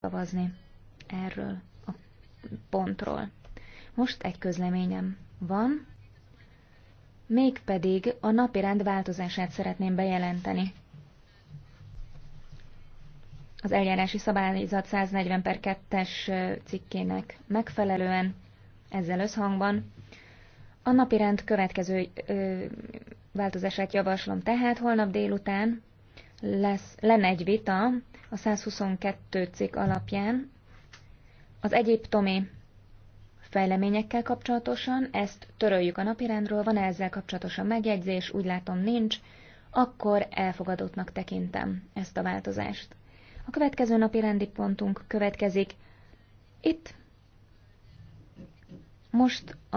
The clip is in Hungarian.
szavazni erről a pontról. Most egy közleményem van, mégpedig a napirend változását szeretném bejelenteni. Az eljárási szabályzat 140 per 2-es cikkének megfelelően, ezzel összhangban, a napirend következő ö, változását javaslom tehát holnap délután lesz, lenne egy vita a 122 cikk alapján az egyiptomi fejleményekkel kapcsolatosan, ezt töröljük a napirendről, van -e ezzel kapcsolatosan megjegyzés, úgy látom nincs, akkor elfogadottnak tekintem ezt a változást. A következő napi rendi pontunk következik. Itt most a